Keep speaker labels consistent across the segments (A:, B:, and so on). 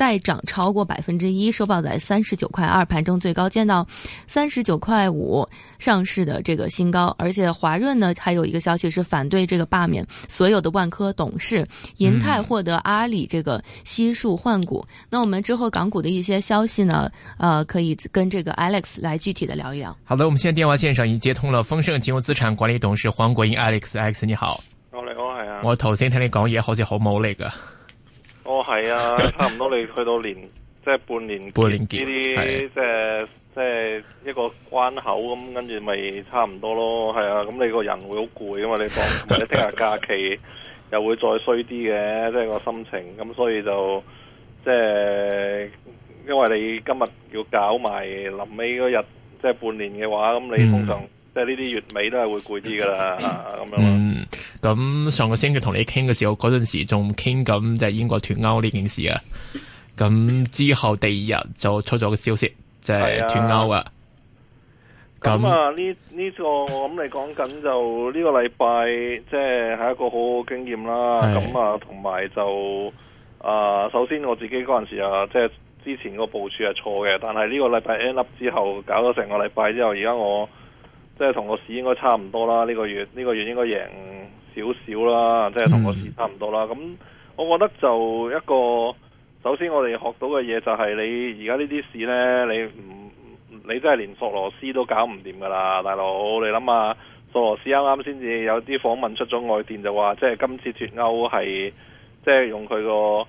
A: 再漲超過百分之一，收報在三十九塊二，盤中最高見到三十九塊五，上市的這個新高。而且華潤呢，還有一個消息是反對這個罷免所有的萬科董事。銀泰獲得阿里這個悉數換股。嗯。那我們之後港股的一些消息呢，呃，可以跟這個 Alex 來具體的聊一聊。
B: 好的，我們現在電話線上已經接通了豐盛金融資產管理董事黃國英 Alex，Alex Alex，你好。我嚟我係啊。我頭先聽你講嘢好似好冇力噶。哦，係啊，差唔多你去到年， 即係半年，半年呢啲， 即係 即係一個關口咁，跟住咪差唔多咯，係啊，咁你個人會好攰啊嘛，你幫，或者聽日假期又會再衰啲嘅，即係個心情，咁所以就即係因為你今日要搞埋臨尾嗰日， 即係半年嘅話，咁你通常。即係呢啲月尾都係會攰啲噶啦，咁樣。嗯，咁、啊嗯、上個星期同你傾嘅時候，嗰陣時仲傾緊，即係英國脱歐呢件事啊。咁之後第二日就出咗個消息，即係脱歐啊。咁啊，呢呢、啊這個我諗你講緊就呢個禮拜，即係係一個好好經驗啦。咁啊，同埋就啊，首先我自己嗰陣時啊，即、就、係、是、之前個部署係錯嘅，但係呢個禮拜 end up 之後搞咗成個禮拜之後，而家我。即係同個市應該差唔多啦，呢、呢個月呢、呢個月應該贏少少啦，即係同個市差唔多啦。咁、嗯、我覺得就一個，首先我哋學到嘅嘢就係你而家呢啲市呢，你唔你真係連索羅斯都搞唔掂噶啦，大佬你諗下，索羅斯啱啱先至有啲訪問出咗外電就話，即係今次脱歐係即係用佢個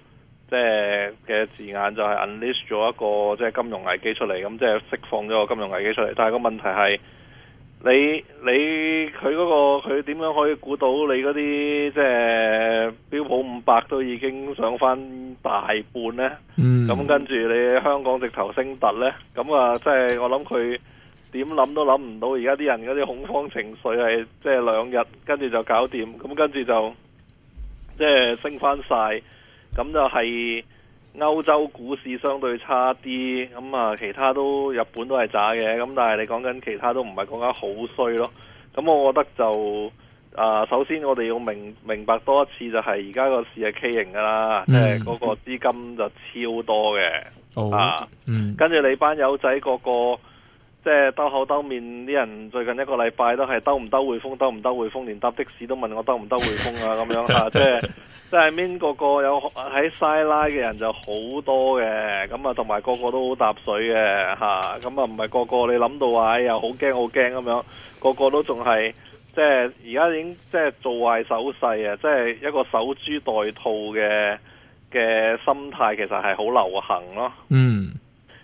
B: 即係嘅字眼就係 unleash 咗一個即係金融危機出嚟，咁即係釋放咗個金融危機出嚟。但係個問題係。你你佢嗰、嗰個佢點樣可以估到你嗰啲即係標普五百都已經上翻大半呢？咁、mm. 跟住你香港直頭升突呢？咁啊即係我諗佢點諗都諗唔到，而家啲人嗰啲恐慌情緒係即係兩日跟住就搞掂，咁跟住就即係、即係、升翻曬，咁就係、係。歐洲股市相對差啲，咁啊其他都日本都係渣嘅，咁但係你講緊其他都唔係講緊好衰咯。咁我覺得就啊、呃，首先我哋要明明白多一次就係而家個市係畸形噶啦，嗯，即係嗰個資金就超多嘅，哦啊。嗯，跟住你班友仔個個。即係兜口兜面啲人最近一個禮拜都係兜唔兜匯豐，兜唔兜匯豐，連搭的士都問我兜唔兜匯豐啊咁樣吓，即係即係面個個有喺西拉嘅人就好多嘅，咁啊同埋個個都好搭水嘅吓，咁啊唔係個個你諗到話又好驚好驚咁樣，個個都仲係即係而家已經即係做壞手勢啊，即係、啊哎、一個守株待兔嘅嘅心態，其實係好流行咯。嗯。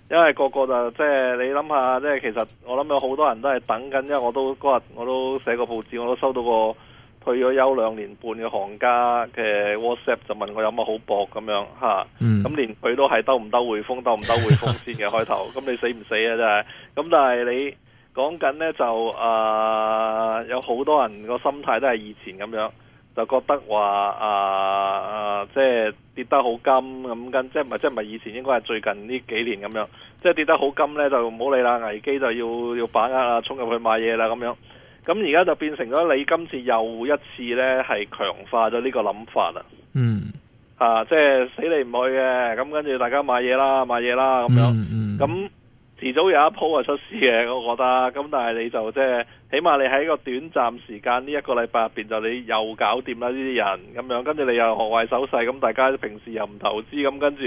B: 因為個個就即係你諗下，即係其實我諗有好多人都係等緊，因為我都嗰日我都寫個報紙，我都收到個退咗休兩年半嘅行家嘅 WhatsApp 就問我有乜好博咁樣吓，咁、嗯、連佢都係兜唔兜匯豐，兜唔兜匯豐先嘅開頭，咁你死唔死啊真係？咁但係你講緊呢，就啊、呃，有好多人個心態都係以前咁樣。就覺得話啊啊，即係跌得好金咁跟，即係唔係即係唔係以前應該係最近呢幾年咁樣，即係跌得好金咧就唔好理啦，危機就要要把握啦，衝入去買嘢啦咁樣。咁而家就變成咗你今次又一次咧係強化咗呢個諗法啦。
A: 嗯。
B: 啊，即係死你唔去嘅，咁跟住大家買嘢啦，買嘢啦咁樣。嗯。咁、嗯。遲早有一鋪啊出事嘅，我覺得。咁但係你就即係，起碼你喺一個短暫時間呢一個禮拜入邊就你又搞掂啦呢啲人咁樣，跟住你又學壞手勢，咁大家平時又唔投資，咁跟住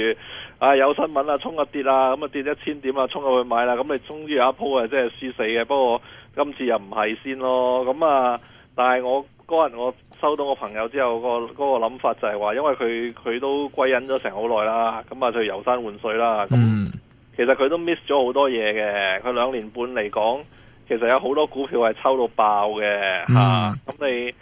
B: 啊有新聞啊，衝一跌啊，咁啊跌一千點啊，衝入去買啦，咁你終於有一鋪啊，即係輸死嘅。不過今次又唔係先咯，咁、嗯、啊，但係我嗰日我收到我朋友之後，嗰個嗰、嗰個諗法就係話，因為佢佢都歸隱咗成好耐啦，咁啊去遊山玩水啦，咁、嗯。其實佢都 miss 咗好多嘢嘅，佢兩年半嚟講，其實有好多股票係抽到爆嘅，
A: 吓、嗯、
B: 咁、啊、你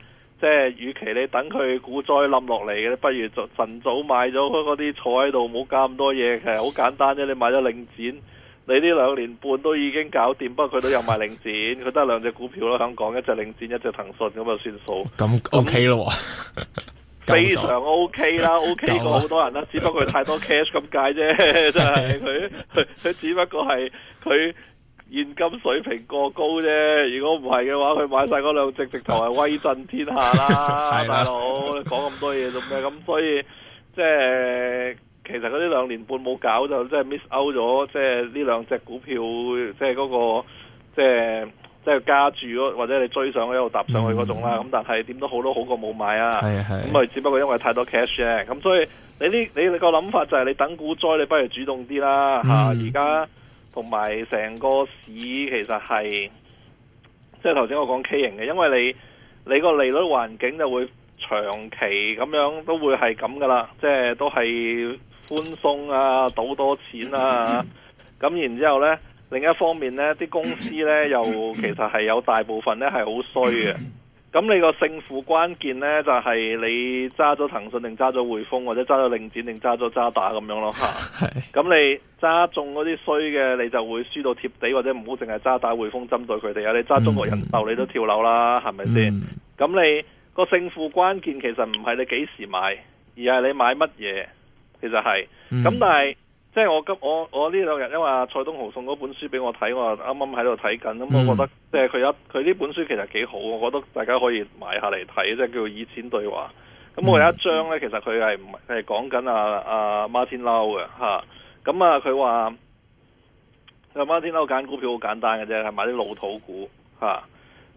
B: 即係，與其你等佢股災冧落嚟嘅，不如就晨早買咗嗰嗰啲坐喺度，冇加咁多嘢，其實好簡單啫。你買咗領展，你呢兩年半都已經搞掂，不過佢都有買領展，佢 都係兩隻股票啦，香港一隻領展，一隻騰訊咁就算數。咁、嗯、OK 咯、啊。 非常 OK 啦，OK 過好多人啦，只不過太多 cash 咁解啫，真係佢佢只不過係佢現金水平過高啫。如果唔係嘅話，佢買晒嗰兩隻，直頭係威震天下啦，大 佬是的。你講 咁多嘢做咩？咁所以即係、就是、其實佢啲兩年半冇搞就即係 miss out 咗，即係呢兩隻股票，即係嗰個即係。就是即係加住咯，或者你追上去，一路搭上去嗰種啦。咁、嗯、但係點都好，多好過冇買啊。係係。咁啊，只不過因為太多 cash 啫。咁所以你呢，你個諗法就係你等股災，你不如主動啲啦。吓、嗯，而家同埋成個市其實係即係頭先我講畸形嘅，因為你你個利率環境就會長期咁樣都會係咁噶啦。即係都係寬鬆啊，賭多錢啊。咁、嗯、然之後呢。另一方面呢啲公司呢 又其實係有大部分呢係好衰嘅。咁你個勝負關鍵呢就係、是、你揸咗騰訊定揸咗匯豐或者揸咗領展定揸咗渣打咁樣咯吓，咁 你揸中嗰啲衰嘅，你就會輸到貼地，或者唔好淨係渣打匯豐針對佢哋啊！你揸中國人壽 你都跳樓啦，係咪先？咁 你個勝負關鍵其實唔係你幾時買，而係你買乜嘢。其實係咁， 但係。即係我今我我呢兩日，因為蔡東豪送嗰本書俾我睇，我啱啱喺度睇緊，咁我覺得、嗯、即係佢一佢呢本書其實幾好，我覺得大家可以買下嚟睇，即係叫做以前對話。咁我有一章咧、嗯，其實佢係係講緊阿阿 Martin Lau 嘅吓，咁啊佢話阿 Martin Lau 揀股票好簡單嘅啫，係買啲老土股吓、啊，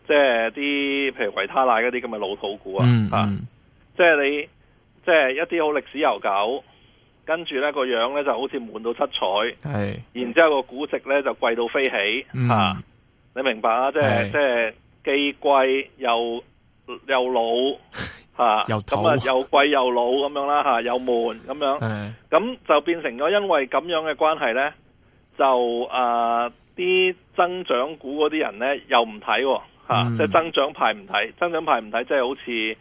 B: 即係啲譬如維他奶嗰啲咁嘅老土股、嗯、啊吓、嗯，即係你即係一啲好歷史悠久。跟住呢個樣呢，樣就好似悶到七彩，然之後個估值呢，就貴到飛起，吓、嗯啊，你明白啊？即係即係既貴又又老吓，咁 啊又，又貴又老咁樣啦吓，又悶咁樣，咁就變成咗因為咁樣嘅關係呢，就啊啲、呃、增長股嗰啲人呢，又唔睇、啊、吓、啊嗯，即係增長派唔睇，增長派唔睇，即係好似。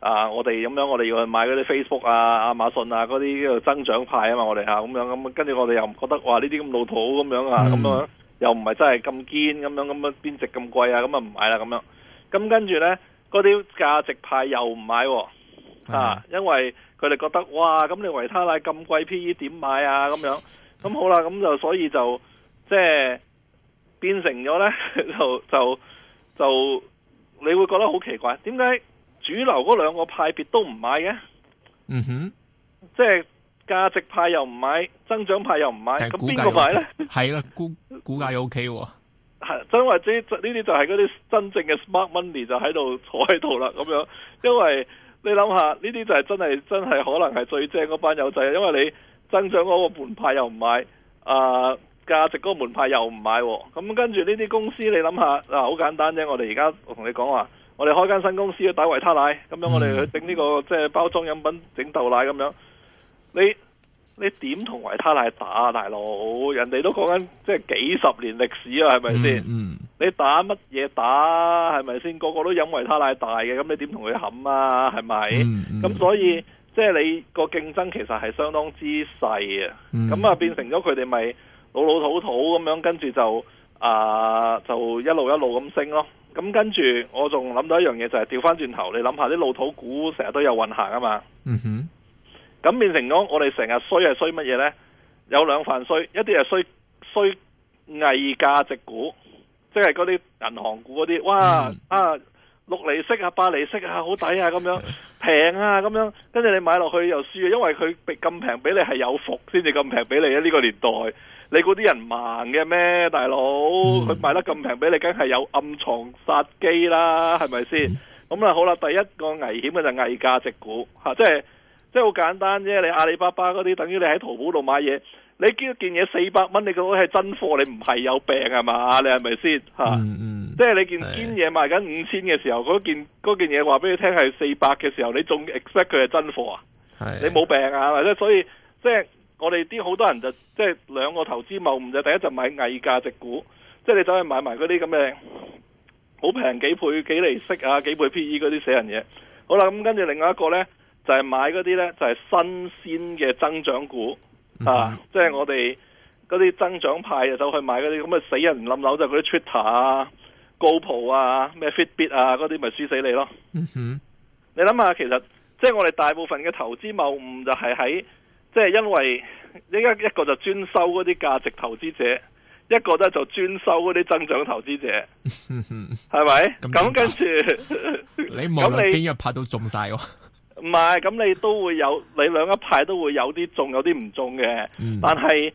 B: 啊！我哋咁樣，我哋要去買嗰啲 Facebook 啊、亞馬遜啊嗰啲增長派啊嘛，我哋吓咁樣咁、啊，跟住我哋又唔覺得哇呢啲咁老土咁樣啊，咁樣又唔係真係咁堅咁樣，咁樣邊值咁貴啊，咁啊唔買啦咁樣。咁跟住呢，嗰啲價值派又唔買、啊，喎、啊啊。因為佢哋覺得哇，咁你維他奶咁貴 P E 點買啊？咁樣咁、嗯、好啦，咁就所以就即係、就是、變成咗呢， 就就就你會覺得好奇怪，點解？主流嗰兩個派別都唔買嘅，嗯哼，即係價值派又唔買，增長派又唔買，咁邊個買呢？係啦，估估價又 OK 喎，係，因為呢啲就係嗰啲真正嘅 smart money 就喺度坐喺度啦，咁樣。因為你諗下，呢啲就係真係真係可能係最正嗰班友仔，因為你增長嗰個門派又唔買，啊，價值嗰個門派又唔買，咁跟住呢啲公司，你諗下嗱，好、啊、簡單啫，我哋而家我同你講話。我哋開間新公司去打維他奶咁樣我、這個，我哋去整呢個即係包裝飲品，整豆奶咁樣。你你點同維他奶打啊，大佬？人哋都講緊即係幾十年歷史啊，係咪先？你打乜嘢打？係咪先？個個都飲維他奶大嘅，咁你點同佢冚啊？係咪？咁、嗯嗯、所以即係你個競爭其實係相當之細啊。咁、嗯、啊，變成咗佢哋咪老老土土咁樣，跟住就。啊，就一路一路咁升咯，咁跟住我仲諗到一樣嘢就係調翻轉頭，你諗下啲老土股成日都有運行啊嘛，嗯哼，咁變成咗我哋成日衰係衰乜嘢呢？有兩份衰，一啲係衰衰偽價值股，即係嗰啲銀行股嗰啲，哇、嗯、啊六厘息啊，八厘息啊好抵啊咁樣平啊咁樣，跟住、啊、你買落去又輸，因為佢咁平俾你係有福先至咁平俾你啊呢、呢個年代。你嗰啲人盲嘅咩，大佬？佢、嗯、賣得咁平俾你，梗係有暗藏殺機啦，係咪先？咁、嗯、啊，那好啦，第一個危險嘅就係偽價值股吓、啊，即係即係好簡單啫。你阿里巴巴嗰啲，等於你喺淘寶度買嘢，你見一件嘢四百蚊，你覺得係真貨，你唔係有病係嘛？你係咪先吓？即係你件堅嘢賣緊五千嘅時候，嗰件那件嘢話俾你聽係四百嘅時候，你仲 expect 佢係真貨啊？係你冇病啊？或者所以即係。我哋啲好多人就即係兩個投資謬誤，就第一就是買偽價值股，即係你走去買埋嗰啲咁嘅好平幾倍幾厘息啊，幾倍 PE 嗰啲死人嘢。好啦，咁跟住另外一個咧就係、是、買嗰啲咧就係、是、新鮮嘅增長股、嗯、啊，即、就、係、是、我哋嗰啲增長派就走去買嗰啲咁嘅死人冧樓就嗰、是、啲 Twitter 啊、GoPro 啊、咩 Fitbit 啊嗰啲，咪輸死你咯。嗯、哼你諗下，其實即係、就是、我哋大部分嘅投資謬誤就係喺。即係因為依家一個就專收嗰啲價值投資者，一個咧就專收嗰啲增長投資者，係 咪？咁跟住，你無論邊一派都中晒喎。唔 係，咁你都會有，你兩一派都會有啲中，有啲唔中嘅。嗯。但係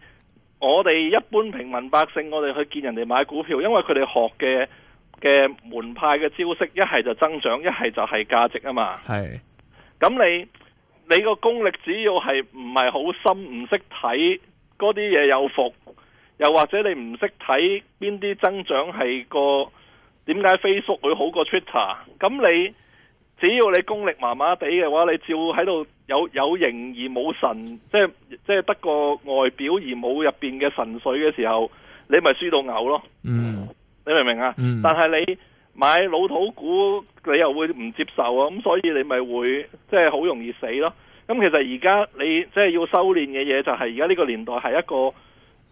B: 我哋一般平民百姓，我哋去見人哋買股票，因為佢哋學嘅嘅門派嘅招式，一係就增長，一係就係價值啊嘛。係，咁你。你個功力只要係唔係好深，唔識睇嗰啲嘢，有伏，又或者你唔識睇邊啲增長係個點解 Facebook 會好過 Twitter，咁你只要你功力麻麻地嘅話，你照喺度，有有形而冇神，即係即係得個外表而冇入邊嘅神髓嘅時候，你咪輸到嘔咯。嗯，你明唔明啊？嗯，但係你。買老土股，你又會唔接受啊？咁所以你咪會即係好容易死咯。咁其實而家你即係、就是、要修煉嘅嘢，就係而家呢個年代係一個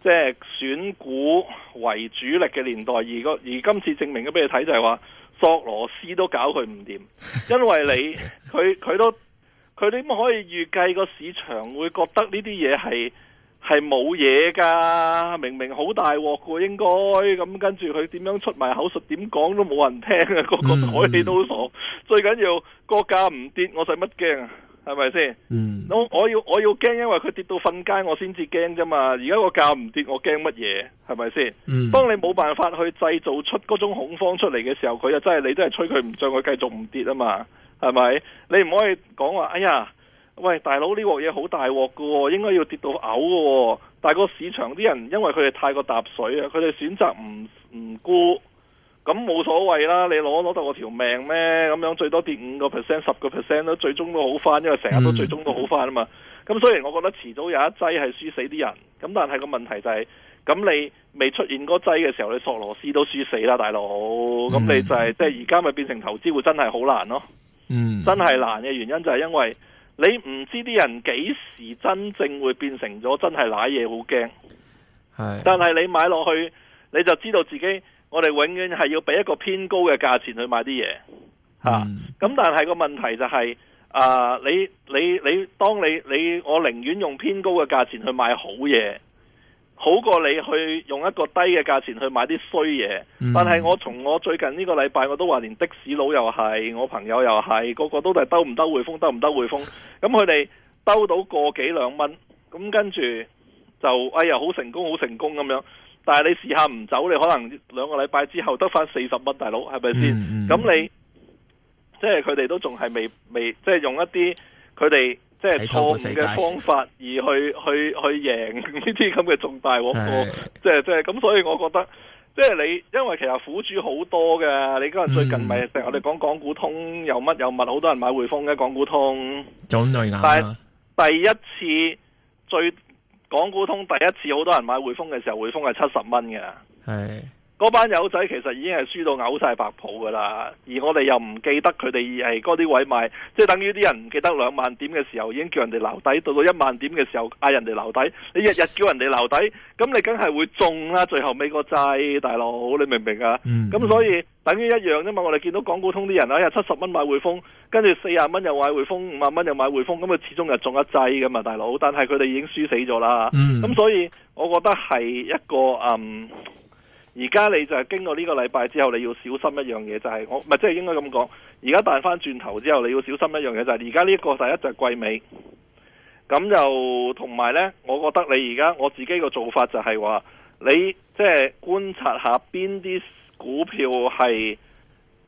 B: 即係、就是、選股為主力嘅年代。而個而今次證明咗俾你睇，就係話索羅斯都搞佢唔掂，因為你佢佢都佢點可以預計個市場會覺得呢啲嘢係？係冇嘢噶，明明好大鑊噶應該，咁跟住佢點樣出埋口述，點講都冇人聽啊！個個台氣都傻，嗯，最緊要個價唔跌，我使乜驚啊？係咪先？嗯，我要我要驚，因為佢跌到瞓街，我先至驚啫嘛。而家個價唔跌，我驚乜嘢？係咪先？嗯，當你冇辦法去製造出嗰種恐慌出嚟嘅時候，佢又真係你真係吹佢唔漲，佢繼續唔跌啊嘛？係咪？你唔可以講話，哎呀。喂，大佬，呢鑊嘢好大鑊噶，應該要跌到嘔噶。但係個市場啲人因為佢哋太過搭水啊，佢哋選擇唔唔沽，咁冇所謂啦。你攞攞到個條命咩？咁樣最多跌五個 percent，十個 percent 都最終都好翻，因為成日都最終都好翻啊嘛。咁，嗯，雖然我覺得遲早有一劑係輸死啲人。咁但係個問題就係、是，咁你未出現嗰劑嘅時候，你索羅斯都輸死啦，大佬。咁你就係、是、嗯、即係而家咪變成投資會真係好難咯。嗯、真係難嘅原因就係因為。你唔知啲人幾時真正會變成咗真係瀨嘢，好驚，但係你買落去你就知道自己，我哋永遠係要俾一個偏高嘅價錢去買啲嘢，咁、嗯啊、但係個問題就係、是、啊，你、呃、你你，你你，當你，你，我寧願用偏高嘅價錢去買好嘢。好過你去用一個低嘅價錢去買啲衰嘢，但係我從我最近呢個禮拜，我都話連的士佬又係，我朋友又係，個個都係兜唔兜匯豐，兜唔兜匯豐，咁佢哋兜到個幾兩蚊，咁跟住就哎呀，好成功，好成功咁樣，但係你試下唔走，你可能兩個禮拜之後得返四十蚊，大佬係咪先？咁、嗯嗯、你即係佢哋都仲係未未，即係用一啲佢哋。即係錯誤嘅方法而去去去贏呢啲咁嘅重大鑊，即係即係咁，所以我覺得，即係你因為其實苦主好多嘅，你今日最近咪成日我哋講港股通有乜有乜，好多人買匯豐嘅港股通種類啊，但係第一次最港股通第一次好多人買匯豐嘅時候，匯豐係七十蚊嘅。嗰班友仔其實已經係輸到嘔晒白泡噶啦，而我哋又唔記得佢哋係嗰啲位賣，即係等於啲人唔記得兩萬點嘅時候已經叫人哋留底，到到一萬點嘅時候嗌人哋留底，你日日叫人哋留底，咁你梗係會中啦，最後尾個債，大佬你明唔明啊？咁、嗯、所以等於一樣啫嘛，因為我哋見到港股通啲人啊日七十蚊買匯豐，跟住四十蚊又買匯豐，五萬蚊又買匯豐，咁佢始終又中一劑噶嘛，大佬，但係佢哋已經輸死咗啦。咁、嗯、所以我覺得係一個嗯。而家你就係經過呢個禮拜之後，你要小心一樣嘢就係、是、我，唔係即係應該咁講。而家彈翻轉頭之後，你要小心一樣嘢就係而家呢個第一就係季尾，咁就同埋呢，我覺得你而家我自己個做法就係、是、話，你即係觀察一下邊啲股票係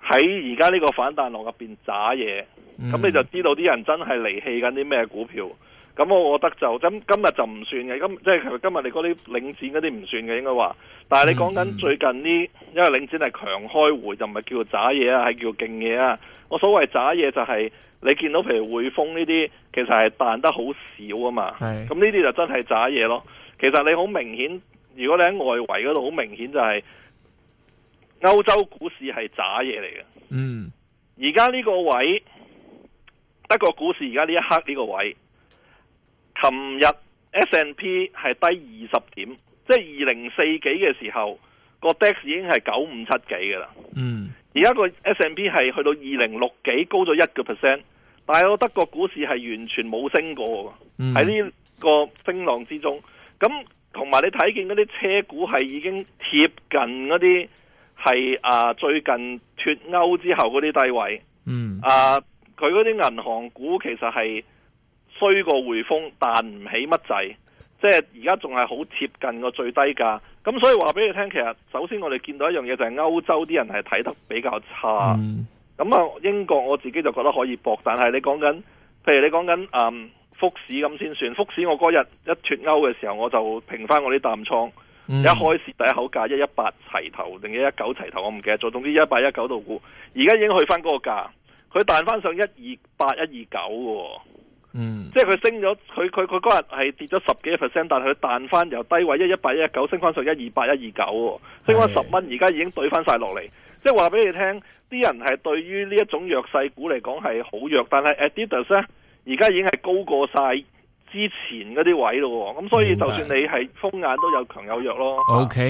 B: 喺而家呢個反彈浪入邊揸嘢，咁、嗯、你就知道啲人真係離棄緊啲咩股票。咁我覺得就咁今日就唔算嘅，咁即係其實今日你嗰啲領展嗰啲唔算嘅，應該話，但係你講緊最近呢、嗯，因為領展係強開回就唔係叫做渣嘢啊，係叫勁嘢啊。我所謂渣嘢就係、是、你見到譬如匯豐呢啲，其實係彈得好少啊嘛。咁呢啲就真係渣嘢咯。其實你好明顯，如果你喺外圍嗰度好明顯就係、是、歐洲股市係渣嘢嚟嘅。嗯，而家呢個位德國股市而家呢一刻呢個位。琴日 S&P 係低二十點，即係二零四幾嘅時候，個 DAX 已經係九五七幾嘅啦。嗯，而家個 S&P 係去到二零六幾，高咗一個 percent，但係我德國股市係完全冇升過的，喺、嗯、呢個升浪之中。咁同埋你睇見嗰啲車股係已經貼近嗰啲係啊最近脫歐之後嗰啲低位。嗯，啊，佢嗰啲銀行股其實係。追過匯豐，彈唔起乜滯，即係而家仲係好接近個最低價。咁所以話俾你聽，其實首先我哋見到一樣嘢就係歐洲啲人係睇得比較差。咁、嗯、啊，英國我自己就覺得可以搏，但係你講緊，譬如你講緊，嗯，福市咁先算。福市，我嗰日一脫歐嘅時候，我就平翻我啲淡倉、嗯。一開始第一口價一一八齊頭，定一一九齊頭，我唔記得咗。總之一八一九度估，而家已經去翻嗰個價，佢彈翻上一二八一二九喎。嗯，即係佢升咗，佢佢佢嗰日係跌咗十幾個 percent，但係佢彈翻由低位一一八一一九升翻上一二八一二九，升翻十蚊，而家已經對翻晒落嚟。即係話俾你聽，啲人係對於呢一種弱勢股嚟講係好弱，但係 Adidas 咧，而家已經係高過晒之前嗰啲位咯。咁所以就算你係風眼都有強有弱咯。
A: O K。啊 okay.